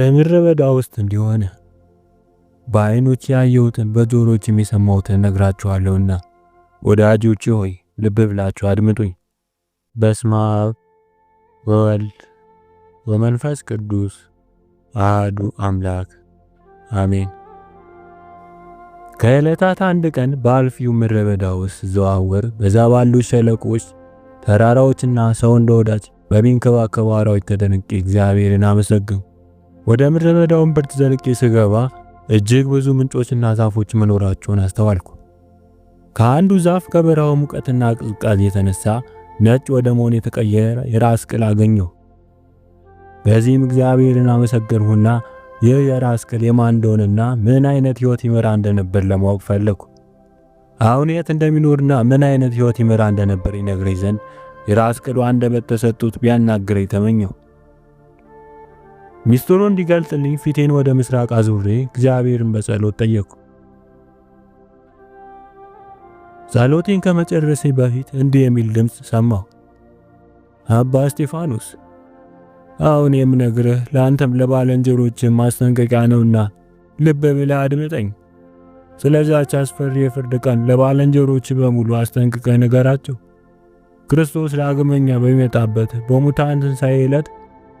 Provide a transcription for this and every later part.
በምድረ በዳ ውስጥ እንዲሆነ በዓይኖች ያየሁትን በጆሮች የሚሰማሁትን ነግራችኋለሁና፣ ወዳጆቼ ሆይ ልብ ብላችሁ አድምጡኝ። በስመ አብ ወወልድ ወመንፈስ ቅዱስ አህዱ አምላክ አሜን። ከዕለታት አንድ ቀን በአልፊው ምድረ በዳ ውስጥ ዘዋወር። በዛ ባሉ ሸለቆች፣ ተራራዎችና ሰው እንደ ወዳጅ በሚንከባከቡ አራዊት ተደንቄ እግዚአብሔርን አመሰግን። ወደ ምድረ በዳውን ብርት ዘልቄ ስገባ እጅግ ብዙ ምንጮችና ዛፎች መኖራቸውን አስተዋልኩ። ከአንዱ ዛፍ ከበረሃው ሙቀትና ቅዝቃዝ የተነሳ ነጭ ወደ መሆን የተቀየረ የራስ ቅል አገኘሁ። በዚህም እግዚአብሔርን አመሰገንሁና ይህ የራስ ቅል የማን እንደሆነና ምን አይነት ሕይወት ይመራ እንደነበር ለማወቅ ፈለግኩ። አሁን የት እንደሚኖርና ምን አይነት ሕይወት ይመራ እንደነበር ይነግረኝ ዘንድ የራስ ቅሉ አንደበት ተሰጥቶት ቢያናግረኝ ተመኘሁ። ሚስጥሩ እንዲገልጥልኝ ፊቴን ወደ ምስራቅ አዙሬ እግዚአብሔርን በጸሎት ጠየቅኩ። ጸሎቴን ከመጨረሴ በፊት እንዲህ የሚል ድምፅ ሰማሁ። አባ እስጢፋኖስ አሁን የምነግርህ ለአንተም ለባልንጀሮች ማስጠንቀቂያ ነውና ልብ ብለህ አድምጠኝ። ስለዛች አስፈሪ የፍርድ ቀን ለባለንጀሮች በሙሉ አስጠንቅቀኝ ንገራቸው። ክርስቶስ ዳግመኛ በሚመጣበት በሙታን ትንሣኤ ዕለት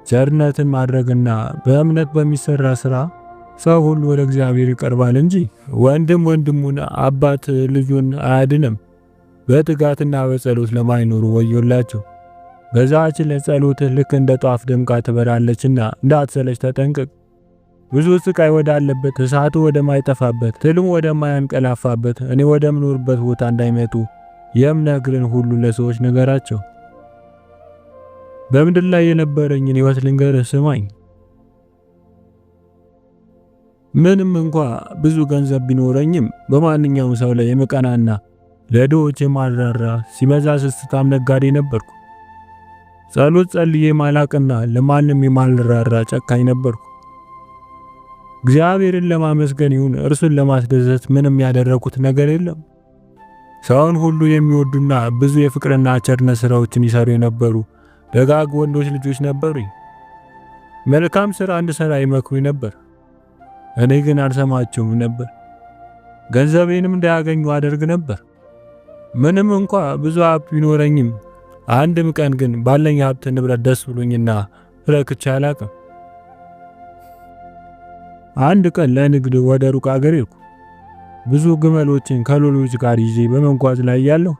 ቸርነትን ማድረግና በእምነት በሚሰራ ስራ ሰው ሁሉ ወደ እግዚአብሔር ይቀርባል እንጂ ወንድም ወንድሙን፣ አባት ልጁን አያድንም። በትጋትና በጸሎት ለማይኖሩ ወዮላቸው። በዛች ለጸሎት ልክ እንደ ጧፍ ደምቃ ትበራለችና እንዳትሰለች ተጠንቅቅ። ብዙ ስቃይ ወዳለበት፣ እሳቱ ወደማይጠፋበት፣ ትልም ወደማያንቀላፋበት እኔ ወደምኖርበት ቦታ እንዳይመጡ የምነግርን ሁሉ ለሰዎች ንገራቸው። በምድር ላይ የነበረኝን ህይወት ልንገርህ ስማኝ። ምንም እንኳ ብዙ ገንዘብ ቢኖረኝም በማንኛውም ሰው ላይ የምቀናና ለድሆች የማራራ ሲበዛ ስስታም ነጋዴ ነበርኩ። ጸሎት ጸልዬ ማላቅና ለማንም የማልራራ ጨካኝ ነበርኩ። እግዚአብሔርን ለማመስገን ይሁን እርሱን ለማስደሰት ምንም ያደረኩት ነገር የለም። ሰውን ሁሉ የሚወዱና ብዙ የፍቅርና ቸርነት ስራዎችን ይሰሩ የነበሩ ደጋግ ወንዶች ልጆች ነበሩኝ። መልካም ስራ እንድሰራ ይመክሩኝ ነበር። እኔ ግን አልሰማቸውም ነበር። ገንዘቤንም እንዳያገኙ አደርግ ነበር። ምንም እንኳ ብዙ ሀብት ቢኖረኝም አንድም ቀን ግን ባለኝ ሀብት ንብረት ደስ ብሎኝና ፍረክቻ አላቅም። አንድ ቀን ለንግድ ወደ ሩቅ አገር ሄድኩ። ብዙ ግመሎችን ከሎሎች ጋር ይዤ በመጓዝ ላይ ያለሁ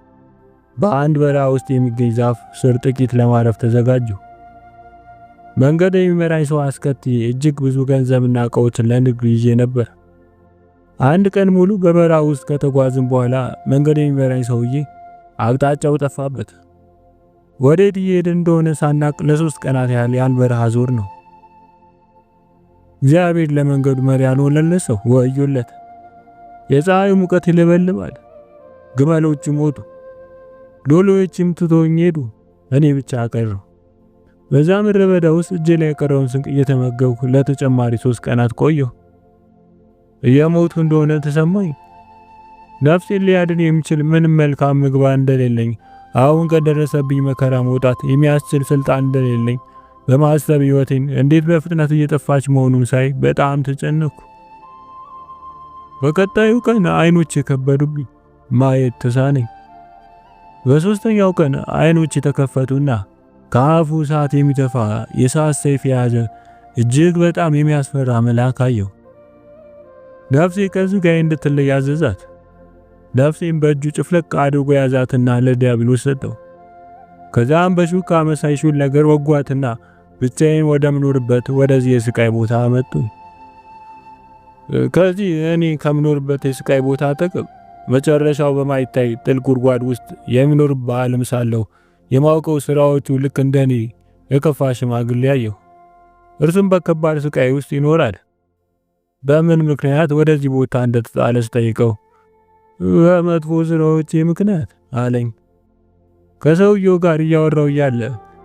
በአንድ በረሃ ውስጥ የሚገኝ ዛፍ ስር ጥቂት ለማረፍ ተዘጋጁ። መንገድ የሚመራኝ ሰው አስከትዬ እጅግ ብዙ ገንዘብና እቃዎችን ለንግድ ይዤ ነበር። አንድ ቀን ሙሉ በበረሃ ውስጥ ከተጓዝን በኋላ መንገድ የሚመራኝ ሰውዬ አቅጣጫው ጠፋበት። ወዴት እየሄደ እንደሆነ ሳናቅ ለሶስት ቀናት ያህል ያን በረሃ ዞር ነው። እግዚአብሔር ለመንገዱ መሪ ያልሆነለ ሰው ወዮለት። የፀሐዩ ሙቀት ይለበልባል፣ ግመሎቹ ሞቱ። ዶሎዎችም ትቶኝ ሄዱ። እኔ ብቻ ቀረሁ። በዛ ምድረ በዳ ውስጥ እጄ ላይ የቀረውን ስንቅ እየተመገብኩ ለተጨማሪ ሶስት ቀናት ቆየሁ። እየሞቱ እንደሆነ ተሰማኝ። ነፍሴን ሊያድን የሚችል ምንም መልካም ምግባ እንደሌለኝ፣ አሁን ከደረሰብኝ መከራ መውጣት የሚያስችል ስልጣን እንደሌለኝ በማሰብ ህይወቴን እንዴት በፍጥነት እየጠፋች መሆኑን ሳይ በጣም ተጨነኩ። በቀጣዩ ቀን አይኖች የከበዱብኝ፣ ማየት ተሳነኝ። በሶስተኛው ቀን አይኖች የተከፈቱና ከአፉ እሳት የሚተፋ የእሳት ሰይፍ የያዘ እጅግ በጣም የሚያስፈራ መልአክ አየው። ነፍሴ ከዚህ ጋር እንድትለይ አዘዛት። ነፍሴም በእጁ ጭፍለቅ አድርጎ ያዛትና ለዲያብሎስ ሰጠው። ከዛም በሹካ መሳይ ሹል ነገር ወጓትና ብቻዬን ወደምኖርበት ወደዚህ የስቃይ ቦታ መጡ ከዚህ እኔ ከምኖርበት የስቃይ ቦታ አጠገብ መጨረሻው በማይታይ ጥል ጉድጓድ ውስጥ የሚኖር በዓለም ሳለሁ የማውቀው ስራዎቹ ልክ እንደኔ የከፋ ሽማግሌ አየሁ። እርሱም በከባድ ስቃይ ውስጥ ይኖራል። በምን ምክንያት ወደዚህ ቦታ እንደተጣለ ስጠይቀው በመጥፎ ስራዎቼ ምክንያት አለኝ። ከሰውየው ጋር እያወራው እያለ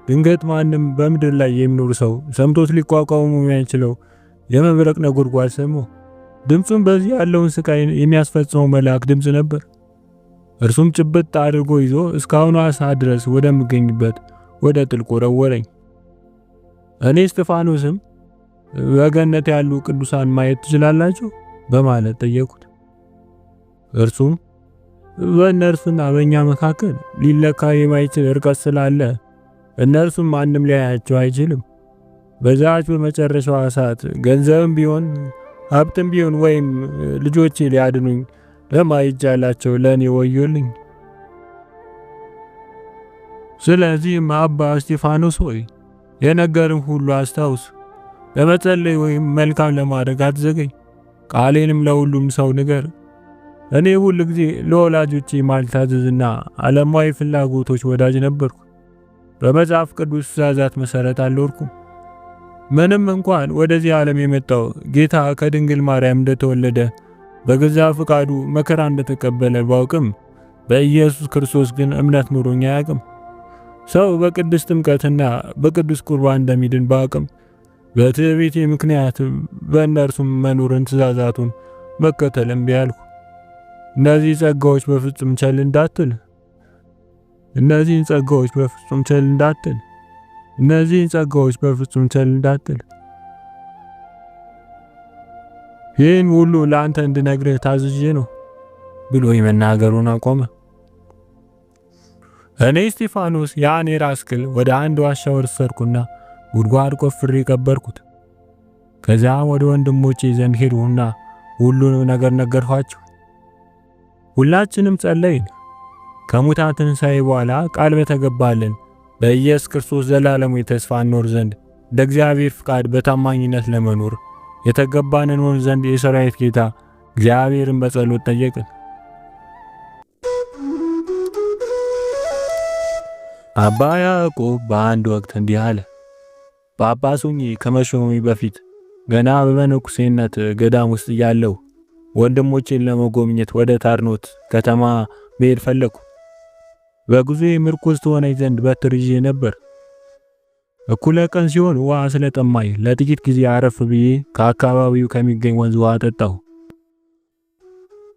ድንገት ማንም በምድር ላይ የሚኖር ሰው ሰምቶት ሊቋቋሙ የሚያንችለው የመብረቅ ነጎድጓድ ሰማሁ። ድምፁም በዚህ ያለውን ስቃይ የሚያስፈጽመው መልአክ ድምፅ ነበር። እርሱም ጭብጥ አድርጎ ይዞ እስካሁኗ ሰዓት ድረስ ወደምገኝበት ወደ ጥልቁ ወረወረኝ። እኔ እስጢፋኖስም በገነት ያሉ ቅዱሳን ማየት ትችላላችሁ በማለት ጠየቁት። እርሱም በእነርሱና በእኛ መካከል ሊለካ የማይችል እርቀት ስላለ እነርሱም ማንም ሊያያቸው አይችልም። በዛች በመጨረሻዋ ሰዓት ገንዘብም ቢሆን ሀብትም ቢሆን ወይም ልጆቼ ሊያድኑኝ ለማይቻላቸው ለእኔ ወዮልኝ። ስለዚህም አባ እስጢፋኖስ ሆይ የነገርን ሁሉ አስታውስ፣ ለመጸለይ ወይም መልካም ለማድረግ አትዘገኝ ቃሌንም ለሁሉም ሰው ንገር። እኔ ሁል ጊዜ ለወላጆቼ ማልታዘዝና ዓለማዊ ፍላጎቶች ወዳጅ ነበርኩ። በመጽሐፍ ቅዱስ ትእዛዛት መሰረት አልኖርኩም። ምንም እንኳን ወደዚህ ዓለም የመጣው ጌታ ከድንግል ማርያም እንደተወለደ በገዛ ፍቃዱ መከራ እንደተቀበለ ባውቅም በኢየሱስ ክርስቶስ ግን እምነት ኑሮኝ አያውቅም። ሰው በቅዱስ ጥምቀትና በቅዱስ ቁርባን እንደሚድን ባውቅም በትዕቢቴ ምክንያት በእነርሱም መኖርን ትእዛዛቱን መከተልም ቢያልኩ እነዚህ ጸጋዎች በፍጹም ቸል እንዳትል እነዚህን ጸጋዎች በፍጹም ቸል እንዳትል እነዚህን ጸጋዎች በፍጹም ቸል እንዳትል። ይህን ሁሉ ለአንተ እንድነግርህ ታዝዤ ነው ብሎ የመናገሩን አቆመ። እኔ እስጢፋኖስ ያን የራስ ቅል ወደ አንድ ዋሻ ወሰድኩና ጉድጓድ ቆፍሬ ቀበርኩት። ከዚያም ወደ ወንድሞቼ ዘንድ ሄድሁና ሁሉንም ነገር ነገርኋቸው። ሁላችንም ጸለይን። ከሙታትን ሳይ በኋላ ቃል በተገባልን በኢየሱስ ክርስቶስ ዘላለም የተስፋ እንኖር ዘንድ እንደ እግዚአብሔር ፍቃድ በታማኝነት ለመኖር የተገባን እንሆን ዘንድ የሰራዊት ጌታ እግዚአብሔርን በጸሎት ጠየቅን። አባ ያዕቆብ በአንድ ወቅት እንዲህ አለ። ጳጳስ ሆኜ ከመሾሜ በፊት ገና በመነኩሴነት ገዳም ውስጥ እያለሁ ወንድሞቼን ለመጎብኘት ወደ ታርኖት ከተማ መሄድ ፈለግኩ። በጉዞ ምርኩዝ ትሆነኝ ዘንድ በትር ይዤ ነበር። እኩለ ቀን ሲሆን ውሃ ስለጠማኝ ለጥቂት ጊዜ አረፍ ብዬ ከአካባቢው ከሚገኝ ወንዝ ውሃ ጠጣሁ።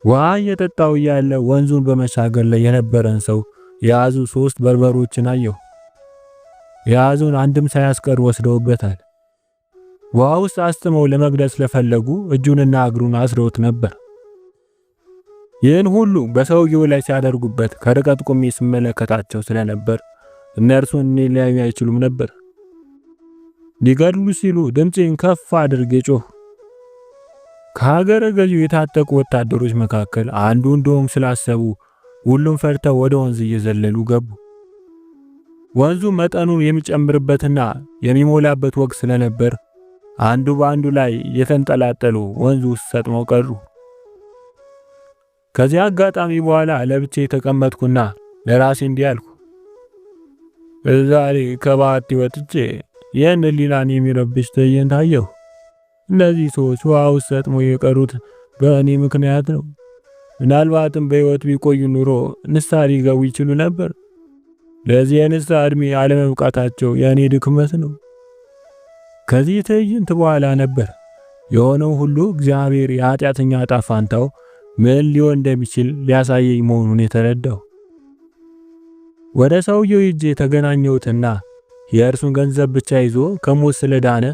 ውሃ እየጠጣሁ እያለ ወንዙን በመሻገር ላይ የነበረን ሰው የያዙ ሶስት በርበሮችን አየሁ። የያዙን አንድም ሳያስቀር ወስደውበታል። ውሃ ውስጥ አስጥመው ለመግደል ስለፈለጉ እጁንና እግሩን አስረውት ነበር። ይህን ሁሉ በሰውየው ላይ ሲያደርጉበት ከርቀት ቆሜ ስመለከታቸው ስለነበር እነርሱን ሊለያዩ አይችሉም ነበር። ሊገድሉ ሲሉ ድምፄን ከፍ አድርጌ ጮህ። ከሀገረ ገዢው የታጠቁ ወታደሮች መካከል አንዱ እንደውም ስላሰቡ ሁሉም ፈርተው ወደ ወንዝ እየዘለሉ ገቡ። ወንዙ መጠኑ የሚጨምርበትና የሚሞላበት ወቅት ስለነበር አንዱ በአንዱ ላይ የተንጠላጠሉ ወንዙ ውስጥ ሰጥመው ቀሩ። ከዚያ አጋጣሚ በኋላ ለብቼ ተቀመጥኩና ለራሴ እንዲህ አልኩ፣ ዛሬ ከባቲ ወጥቼ ይህን ሊላን የሚረብሽ ትዕይንት አየሁ። እነዚህ ሰዎች ውሃ ውስጥ ሰጥመው የቀሩት በእኔ ምክንያት ነው። ምናልባትም በሕይወት ቢቆዩ ኑሮ ንስሐ ሊገቡ ይችሉ ነበር። ለዚህ የንስሐ ዕድሜ አለመብቃታቸው የእኔ ድክመት ነው። ከዚህ ትዕይንት በኋላ ነበር የሆነው ሁሉ እግዚአብሔር የኃጢአተኛ ዕጣ ፈንታው ምን ሊሆን እንደሚችል ሊያሳየኝ መሆኑን የተረዳው ወደ ሰውየው እጅ የተገናኘሁትና የእርሱን ገንዘብ ብቻ ይዞ ከሞት ስለዳነ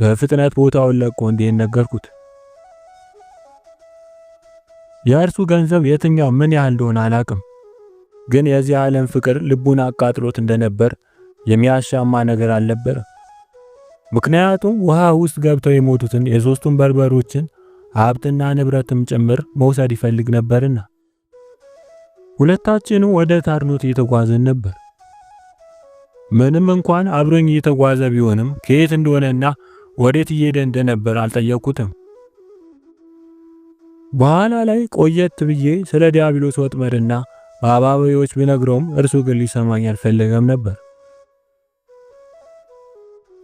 በፍጥነት ቦታውን ለቆ እንዲሄድ ነገርኩት። የእርሱ ገንዘብ የትኛው ምን ያህል እንደሆነ አላቅም፣ ግን የዚህ ዓለም ፍቅር ልቡን አቃጥሎት እንደነበር የሚያሻማ ነገር አልነበረ። ምክንያቱም ውሃ ውስጥ ገብተው የሞቱትን የሶስቱን በርበሮችን ሀብትና ንብረትም ጭምር መውሰድ ይፈልግ ነበርና ሁለታችን ወደ ታርኖት እየተጓዝን ነበር። ምንም እንኳን አብሮኝ እየተጓዘ ቢሆንም ከየት እንደሆነና ወዴት እየሄደ እንደነበር አልጠየኩትም። በኋላ ላይ ቆየት ብዬ ስለ ዲያብሎስ ወጥመድና በአባባዮች ቢነግረውም እርሱ ግን ሊሰማኝ አልፈለገም ነበር።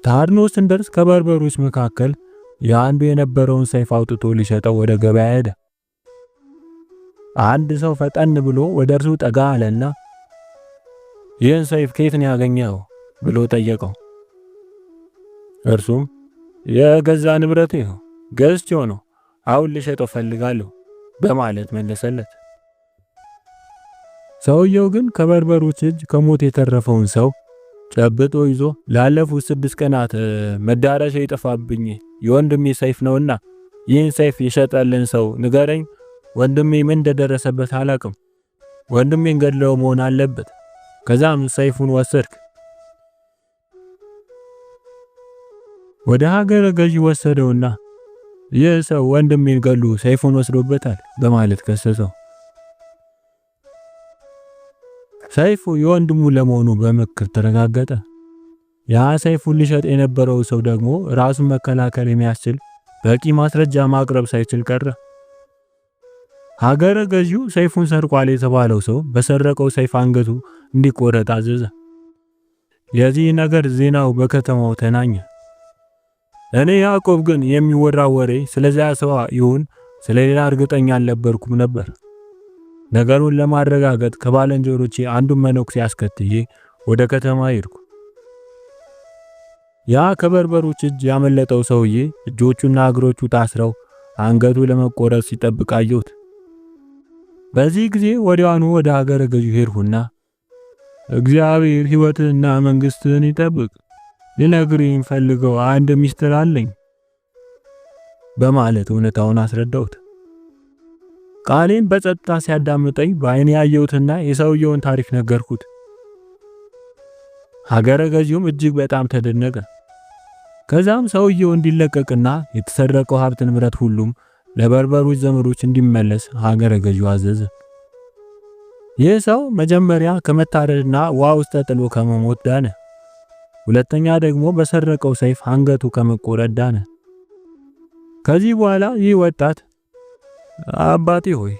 ታርኖስ እንደርስ ከበርበሮች መካከል የአንዱ የነበረውን ሰይፍ አውጥቶ ሊሸጠው ወደ ገበያ ሄደ። አንድ ሰው ፈጠን ብሎ ወደ እርሱ ጠጋ አለና ይህን ሰይፍ ከየት ነው ያገኘው ብሎ ጠየቀው። እርሱም የገዛ ንብረት ነው፣ ገዝቼው ነው፣ አሁን ልሸጠው ፈልጋለሁ በማለት መለሰለት። ሰውየው ግን ከበርበሮች እጅ ከሞት የተረፈውን ሰው ጨብጦ ይዞ ላለፉት ስድስት ቀናት መዳረሻ ይጠፋብኝ የወንድሜ ሰይፍ ነውና ይህን ሰይፍ የሸጠልን ሰው ንገረኝ። ወንድሜ ምን እንደደረሰበት አላቅም። ወንድሜን ገድለው መሆን አለበት። ከዛም ሰይፉን ወሰድክ፣ ወደ ሀገር ገዢ ወሰደውና ይህ ሰው ወንድሜን ገሉ ሰይፉን ወስዶበታል በማለት ከሰሰው። ሰይፉ የወንድሙ ለመሆኑ በምክር ተረጋገጠ። ያ ሰይፉን ሊሸጥ የነበረው ሰው ደግሞ ራሱን መከላከል የሚያስችል በቂ ማስረጃ ማቅረብ ሳይችል ቀረ። ሀገረ ገዢው ሰይፉን ሰርቋል የተባለው ሰው በሰረቀው ሰይፍ አንገቱ እንዲቆረጥ አዘዘ። የዚህ ነገር ዜናው በከተማው ተናኘ። እኔ ያዕቆብ ግን የሚወራ ወሬ ስለዚያ ሰው ይሁን ስለሌላ እርግጠኛ አልነበርኩም ነበር። ነገሩን ለማረጋገጥ ከባልንጀሮቼ አንዱን መነኩሴ አስከትዬ ወደ ከተማ ሄድኩ። ያ ከበርበሮች እጅ ያመለጠው ሰውዬ እጆቹና እግሮቹ ታስረው አንገቱ ለመቆረጥ ሲጠብቅ አየሁት። በዚህ ጊዜ ወዲያውኑ ወደ ሀገረ ገዢ ሄድሁና እግዚአብሔር ሕይወትንና መንግሥትን ይጠብቅ፣ ልነግርህ የምፈልገው አንድ ሚስጥር አለኝ በማለት እውነታውን አስረዳሁት። ቃሌን በጸጥታ ሲያዳምጠኝ በአይን ያየሁትና የሰውየውን ታሪክ ነገርኩት። ሀገረ ገዢውም እጅግ በጣም ተደነቀ። ከዛም ሰውየው እንዲለቀቅና የተሰረቀው ሀብት ንብረት ሁሉም ለበርበሮች ዘመዶች እንዲመለስ ሀገረ ገዢው አዘዘ። ይህ ሰው መጀመሪያ ከመታረድና ውሃ ውስጥ ተጥሎ ከመሞት ዳነ። ሁለተኛ ደግሞ በሰረቀው ሰይፍ አንገቱ ከመቆረጥ ዳነ። ከዚህ በኋላ ይህ ወጣት አባቴ ሆይ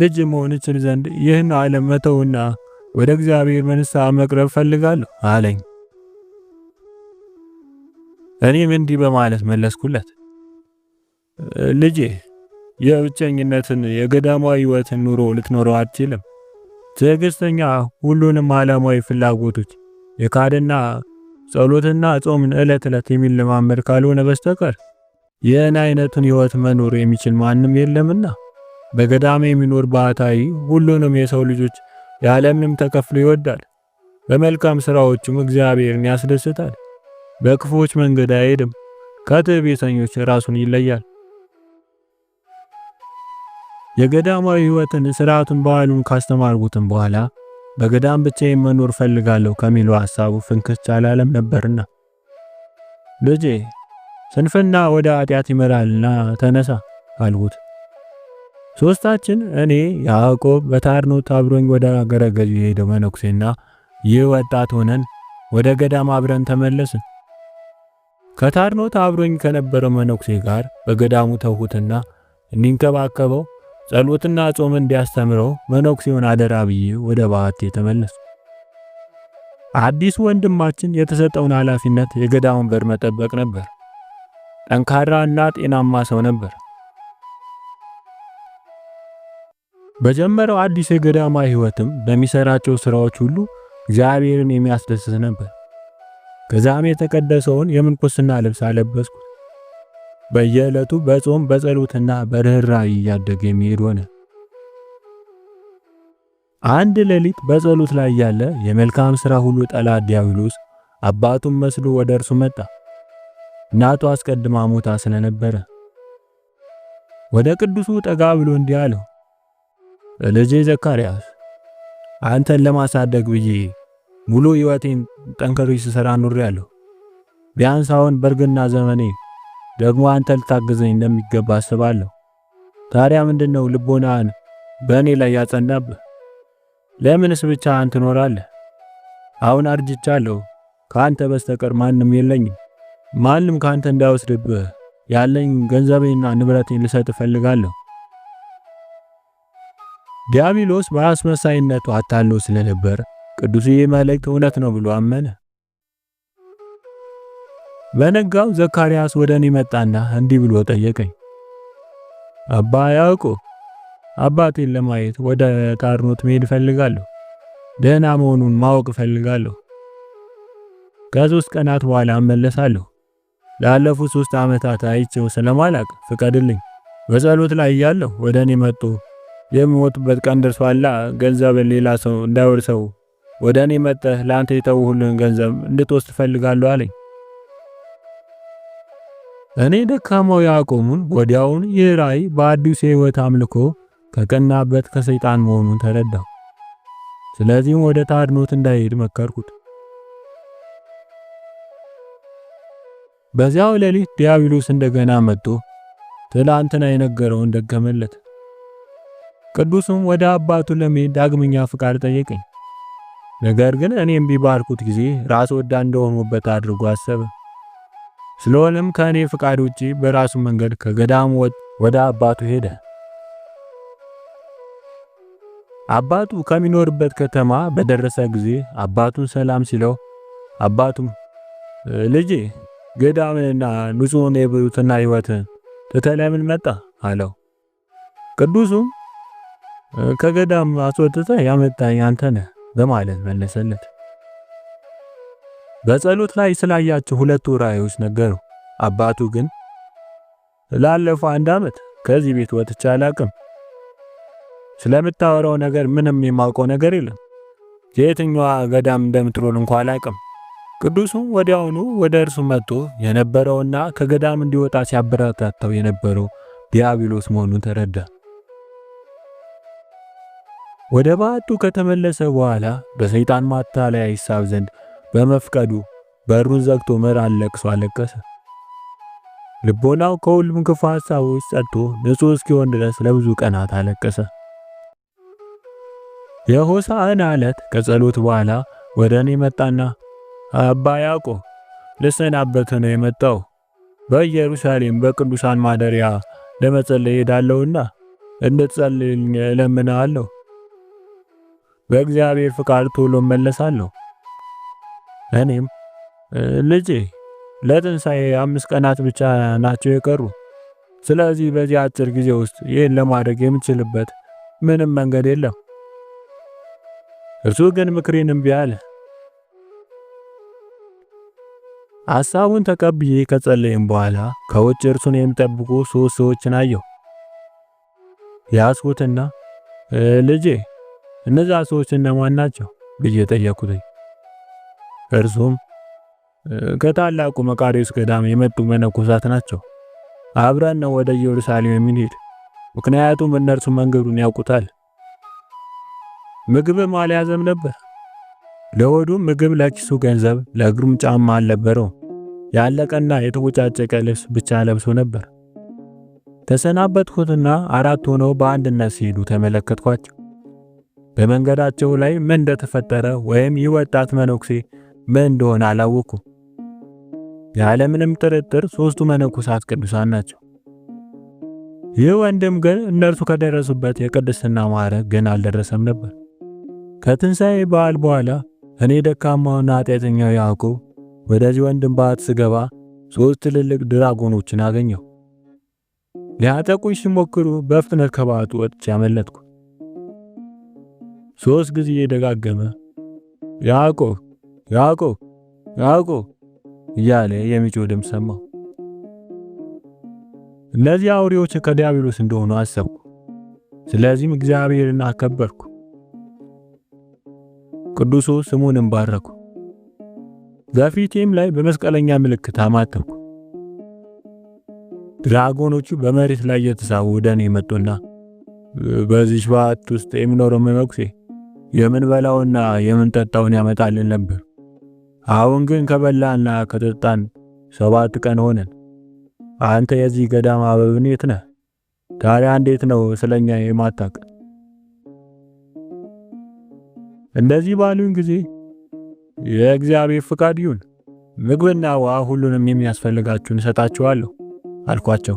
ልጅ መሆን እችል ዘንድ ይህን ዓለም መተውና ወደ እግዚአብሔር በንስሐ መቅረብ ፈልጋለሁ አለኝ። እኔም እንዲህ በማለት መለስኩለት፣ ልጄ የብቸኝነትን የገዳማዊ ሕይወትን ኑሮ ልትኖረው አትችልም። ትዕግስተኛ ሁሉንም ዓለማዊ ፍላጎቶች የካደና ጸሎትና ጾምን ዕለት ዕለት የሚለማመድ ካልሆነ በስተቀር ይህን አይነቱን ህይወት መኖር የሚችል ማንም የለምና በገዳም የሚኖር ባህታዊ ሁሉንም የሰው ልጆች ያለምንም ተከፍሎ ይወዳል። በመልካም ስራዎቹም እግዚአብሔርን ያስደስታል። በክፉዎች መንገድ አይሄድም። ከትዕቢተኞች ራሱን ይለያል። የገዳማዊ ሕይወትን ስርዓቱን፣ ባህሉን ካስተማርኩትም በኋላ በገዳም ብቻ መኖር ፈልጋለሁ ከሚለው ሐሳቡ ፍንክች አላለም ነበርና ልጄ ስንፍና ወደ ኃጢአት ይመራልና ተነሳ አልሁት። ሶስታችን እኔ፣ ያዕቆብ በታርኖት አብሮኝ ወደ አገረ ገዢ የሄደው መነኩሴና ይህ ወጣት ሆነን ወደ ገዳም አብረን ተመለስን። ከታርኖት አብሮኝ ከነበረው መነኩሴ ጋር በገዳሙ ተውሁትና እንዲንከባከበው ጸሎትና ጾም እንዲያስተምረው መነኩሴውን አደራ ብዬ ወደ ባቴ ተመለስኩ። አዲሱ ወንድማችን የተሰጠውን ኃላፊነት የገዳሙን በር መጠበቅ ነበር። ጠንካራ እና ጤናማ ሰው ነበር። በጀመረው አዲስ የገዳማ ህይወትም በሚሰራቸው ስራዎች ሁሉ እግዚአብሔርን የሚያስደስት ነበር። ከዛም የተቀደሰውን የምንኩስና ልብስ አለበስኩ። በየዕለቱ በጾም በጸሎትና በርኅራኄ እያደገ የሚሄድ ሆነ። አንድ ሌሊት በጸሎት ላይ ያለ የመልካም ሥራ ሁሉ ጠላት ዲያብሎስ አባቱን መስሎ ወደ እርሱ መጣ። እናቱ አስቀድማ ሞታ ስለነበረ ወደ ቅዱሱ ጠጋ ብሎ እንዲህ አለው፣ ልጄ ዘካርያስ አንተን ለማሳደግ ብዬ ሙሉ ሕይወቴን ጠንክሬ ስሰራ ኖሬአለሁ። ቢያንስ አሁን በእርግና ዘመኔ ደግሞ አንተ ልታግዘኝ እንደሚገባ አስባለሁ። ታዲያ ምንድነው ልቦናን በእኔ ላይ ያጸናብህ? ለምንስ ብቻ ብቻህን ትኖራለህ? አሁን አርጅቻለሁ፣ ከአንተ በስተቀር ማንም የለኝም። ማንም ካንተ እንዳይወስድብህ ያለኝ ገንዘቤና ንብረቴን ልሰጥ እፈልጋለሁ። ዲያብሎስ በአስመሳይነቱ አታሎ ስለነበር ቅዱሱ መልእክት እውነት ነው ብሎ አመነ። በነጋው ዘካርያስ ወደ እኔ መጣና እንዲህ ብሎ ጠየቀኝ። አባ ያዕቆብ፣ አባቴን ለማየት ወደ ጣርኖት መሄድ እፈልጋለሁ። ደህና መሆኑን ማወቅ እፈልጋለሁ። ከሶስት ቀናት በኋላ እመለሳለሁ። ላለፉት ሶስት ዓመታት አይቼው ስለማላቅ ፍቀድልኝ። በጸሎት ላይ እያለሁ ወደ እኔ መጡ። የምሞትበት ቀን ደርሷላ፣ ገንዘብን ሌላ ሰው እንዳይወርሰው ወደ እኔ መጠህ ለአንተ የተውሁልን ገንዘብ እንድትወስድ እፈልጋለሁ አለኝ። እኔ ደካማው ያዕቆብን ወዲያውን ይህ ራእይ በአዲስ የሕይወት አምልኮ ከቀናበት ከሰይጣን መሆኑን ተረዳሁ። ስለዚህም ወደ ታድኖት እንዳይሄድ መከርኩት። በዚያው ሌሊት ዲያብሎስ እንደገና መጥቶ ትላንትና የነገረውን ደገመለት። ቅዱሱም ወደ አባቱ ለመሄድ ዳግመኛ ፍቃድ ጠየቀኝ። ነገር ግን እኔም ቢባልኩት ጊዜ ራስ ወዳ እንደሆኑበት አድርጎ አሰበ። ስለሆነም ከእኔ ፍቃድ ውጪ በራሱ መንገድ ከገዳሙ ወደ አባቱ ሄደ። አባቱ ከሚኖርበት ከተማ በደረሰ ጊዜ አባቱን ሰላም ሲለው አባቱም ልጄ ገዳምንና ንጹሕን የብሉትና ሕይወትን ትተህ ለምን መጣ አለው። ቅዱሱም ከገዳም አስወጥተህ ያመጣኝ አንተ ነህ በማለት መለሰለት። በጸሎት ላይ ስላያቸው ሁለቱ ራእዮች ነገሩ። አባቱ ግን ላለፈው አንድ ዓመት ከዚህ ቤት ወጥቼ አላቅም። ስለምታወራው ነገር ምንም የማውቀው ነገር የለም። የትኛዋ ገዳም እንደምትሮል እንኳ አላቅም። ቅዱሱም ወዲያውኑ ወደ እርሱ መጥቶ የነበረውና ከገዳም እንዲወጣ ሲያበረታታው የነበረው ዲያብሎስ መሆኑን ተረዳ። ወደ ባዕዱ ከተመለሰ በኋላ በሰይጣን ማታለያ ሂሳብ ዘንድ በመፍቀዱ በሩን ዘግቶ መራን ለቅሶ አለቀሰ። ልቦናው ከሁሉም ክፉ ሀሳቦች ጸድቶ ንጹሕ እስኪሆን ድረስ ለብዙ ቀናት አለቀሰ። የሆሳዕና ዕለት ከጸሎት በኋላ ወደ እኔ መጣና አባ ያዕቆብ ልሰናበት ነው የመጣው። በኢየሩሳሌም በቅዱሳን ማደሪያ ለመጸለይ ሄዳለሁና እንድትጸልይልኝ እለምንሃለሁ። በእግዚአብሔር ፍቃድ ቶሎ መለሳለሁ። እኔም ልጄ ለትንሣኤ አምስት ቀናት ብቻ ናቸው የቀሩ። ስለዚህ በዚህ አጭር ጊዜ ውስጥ ይህን ለማድረግ የምችልበት ምንም መንገድ የለም። እርሱ ግን ምክሬን እምቢ አለ። ሐሳቡን ተቀብዬ ከጸለይም በኋላ ከውጭ እርሱን የሚጠብቁ ሶስት ሰዎችን አየሁ። ያስኩትና ልጄ እነዛ ሰዎች እነማን ናቸው ብዬ ጠየቅኩት። እርሱም ከታላቁ መቃርዮስ ገዳም የመጡ መነኮሳት ናቸው። አብረን ነው ወደ ኢየሩሳሌም የምንሄድ፣ ምክንያቱም እነርሱ መንገዱን ያውቁታል። ምግብም አልያዘም ነበር። ለወዱ ምግብ፣ ለኪሱ ገንዘብ፣ ለእግሩም ጫማ አልነበረው። ያለቀና የተቦጫጨቀ ልብስ ብቻ ለብሶ ነበር። ተሰናበትኩትና አራት ሆነው በአንድነት ሲሄዱ ተመለከትኳቸው። በመንገዳቸው ላይ ምን እንደተፈጠረ ወይም ይህ ወጣት መነኩሴ ምን እንደሆነ አላወቅኩ። ያለምንም ጥርጥር ሶስቱ መነኮሳት ቅዱሳን ናቸው። ይህ ወንድም ግን እነርሱ ከደረሱበት የቅድስና ማዕረግ ግን አልደረሰም ነበር። ከትንሣኤ በዓል በኋላ እኔ ደካማውና ኃጢአተኛው ያዕቆብ ወደዚህ ወንድም ባት ስገባ ሶስት ትልልቅ ድራጎኖችን አገኘሁ። ሊያጠቁኝ ሲሞክሩ በፍጥነት ከባቱ ወጥቼ አመለጥኩ። ሶስት ጊዜ የደጋገመ ያዕቆብ ያዕቆብ ያዕቆብ እያለ የሚጮህ ድምፅ ሰማሁ። እነዚህ አውሬዎች ከዲያብሎስ እንደሆኑ አሰብኩ። ስለዚህም እግዚአብሔርን አከበርኩ። ቅዱሱ ስሙንም ባረኩ። በፊቴም ላይ በመስቀለኛ ምልክት አማተኩ። ድራጎኖቹ በመሬት ላይ እየተሳቡ ወደ እኔ መጡና በዚህ ባት ውስጥ የሚኖረው መነኩሴ የምንበላውና የምንጠጣውን ያመጣልን ነበር። አሁን ግን ከበላና ከጠጣን ሰባት ቀን ሆነን። አንተ የዚህ ገዳም አበብኔት ነህ። ታዲያ እንዴት ነው ስለኛ የማታውቅ? እንደዚህ ባሉን ጊዜ የእግዚአብሔር ፍቃድ ይሁን፣ ምግብና ውሃ ሁሉንም የሚያስፈልጋችሁን እሰጣችኋለሁ አልኳቸው።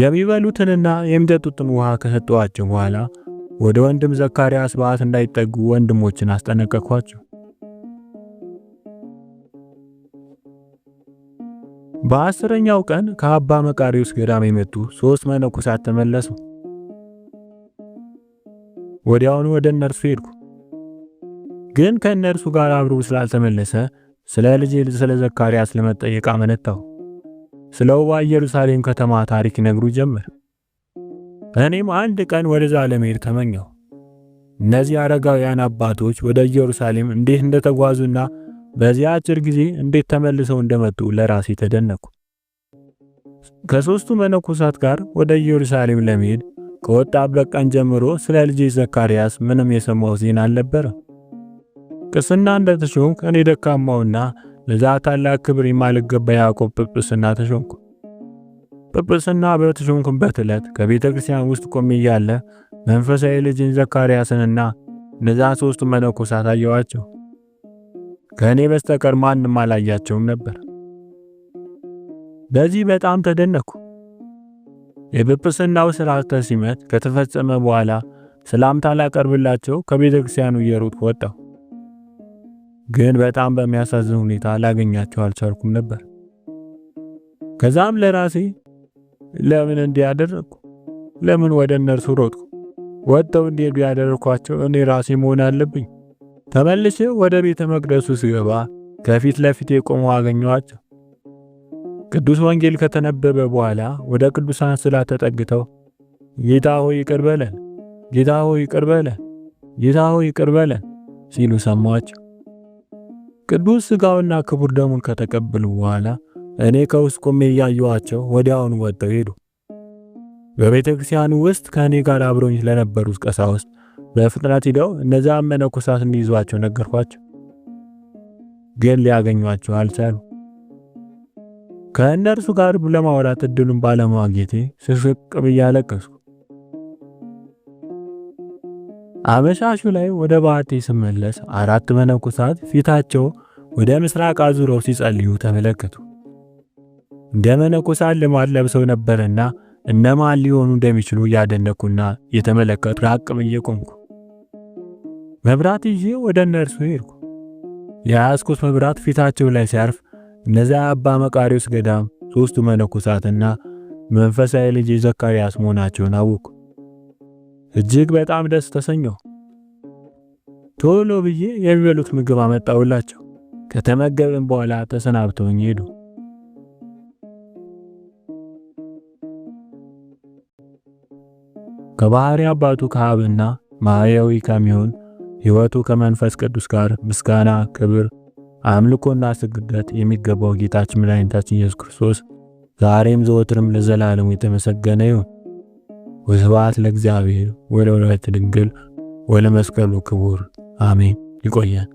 የሚበሉትንና የሚጠጡትን ውሃ ከሰጠኋቸው በኋላ ወደ ወንድም ዘካርያስ በዓት እንዳይጠጉ ወንድሞችን አስጠነቀቅኳቸው። በአስረኛው ቀን ከአባ መቃሪዎስ ገዳም የመጡ ሶስት መነኮሳት ተመለሱ። ወዲያውኑ ወደ እነርሱ ሄድኩ። ግን ከእነርሱ ጋር አብሮ ስላልተመለሰ ስለ ልጄ ስለ ዘካርያስ ለመጠየቅ አመነታሁ። ስለ ውቧ ኢየሩሳሌም ከተማ ታሪክ ይነግሩ ጀመር። እኔም አንድ ቀን ወደዛ ለመሄድ ተመኘሁ። እነዚህ አረጋውያን አባቶች ወደ ኢየሩሳሌም እንዴት እንደተጓዙና በዚያ አጭር ጊዜ እንዴት ተመልሰው እንደመጡ ለራሴ ተደነቅኩ። ከሦስቱ መነኮሳት ጋር ወደ ኢየሩሳሌም ለመሄድ ከወጣበት ቀን ጀምሮ ስለ ልጅ ዘካርያስ ምንም የሰማው ዜና አልነበረ። ቅስና እንደተሾምክ እኔ ደካማውና ለዛ ታላቅ ክብር የማልገባ ያዕቆብ ጵጵስና ተሾምኩ። ጵጵስና በተሾምኩበት ዕለት ከቤተ ክርስቲያን ውስጥ ቆሜ እያለ መንፈሳዊ ልጅን ዘካርያስንና እነዛ ሶስቱ መነኮሳት አየዋቸው። ከእኔ በስተቀር ማንም አላያቸውም ነበር። በዚህ በጣም ተደነኩ። የጵጵስናው ሥርዓተ ሲመት ከተፈጸመ በኋላ ሰላምታ ላቀርብላቸው ከቤተ ክርስቲያኑ እየሮጥኩ ወጣሁ። ግን በጣም በሚያሳዝን ሁኔታ ላገኛቸው አልቻልኩም ነበር። ከዛም ለራሴ ለምን እንዲህ ለምን ወደ እነርሱ ሮጥኩ? ወጥተው እንዲሄዱ ያደረኳቸው እኔ ራሴ መሆን አለብኝ። ተመልሼ ወደ ቤተ መቅደሱ ስገባ ከፊት ለፊት የቆመው አገኘኋቸው። ቅዱስ ወንጌል ከተነበበ በኋላ ወደ ቅዱሳን ስላ ተጠግተው ጌታ ሆይ ይቅር በለን፣ ጌታ ሆይ ይቅር በለን፣ ጌታ ሆይ ይቅር በለን ሲሉ ሰማቸው። ቅዱስ ስጋውና ክቡር ደሙን ከተቀበሉ በኋላ እኔ ከውስጥ ቆሜ እያየኋቸው ወዲያውኑ ወጥተው ሄዱ። በቤተ ክርስቲያኑ ውስጥ ከእኔ ጋር አብረኝ ለነበሩት ቀሳውስት በፍጥነት ሂደው እነዚያ መነኮሳት እንዲይዟቸው ነገርኳቸው፣ ግን ሊያገኟቸው አልቻሉም። ከእነርሱ ጋር ለማውራት እድሉን ባለማግኘቴ ስቅስቅ ብዬ አለቀስኩ። አመሻሹ ላይ ወደ ባቴ ስመለስ አራት መነኮሳት ፊታቸው ወደ ምስራቅ አዙረው ሲጸልዩ ተመለከቱ። እንደ መነኮሳት ልማድ ለብሰው ነበርና እነማን ሊሆኑ እንደሚችሉ እያደነኩና የተመለከቱ ራቅ ብዬ ቆምኩ። መብራት ይዤ ወደ እነርሱ ሄድኩ። የያዝኩት መብራት ፊታቸው ላይ ሲያርፍ እነዚያ አባ መቃሪዎስ ገዳም ሦስቱ መነኮሳትና መንፈሳዊ ልጅ ዘካርያስ መሆናቸውን አወቅኩ። እጅግ በጣም ደስ ተሰኘው! ቶሎ ብዬ የሚበሉት ምግብ አመጣውላቸው። ከተመገብን በኋላ ተሰናብተውኝ ሄዱ። ከባህሪ አባቱ ከአብና ማህያዊ ከሚሆን ሕይወቱ ከመንፈስ ቅዱስ ጋር ምስጋና ክብር አምልኮና ስግደት የሚገባው ጌታችን መድኃኒታችን ኢየሱስ ክርስቶስ ዛሬም ዘወትርም ለዘላለም የተመሰገነ ይሁን። ወስብሐት ለእግዚአብሔር ወለወላዲቱ ድንግል ወለመስቀሉ ክቡር አሜን። ይቆያል።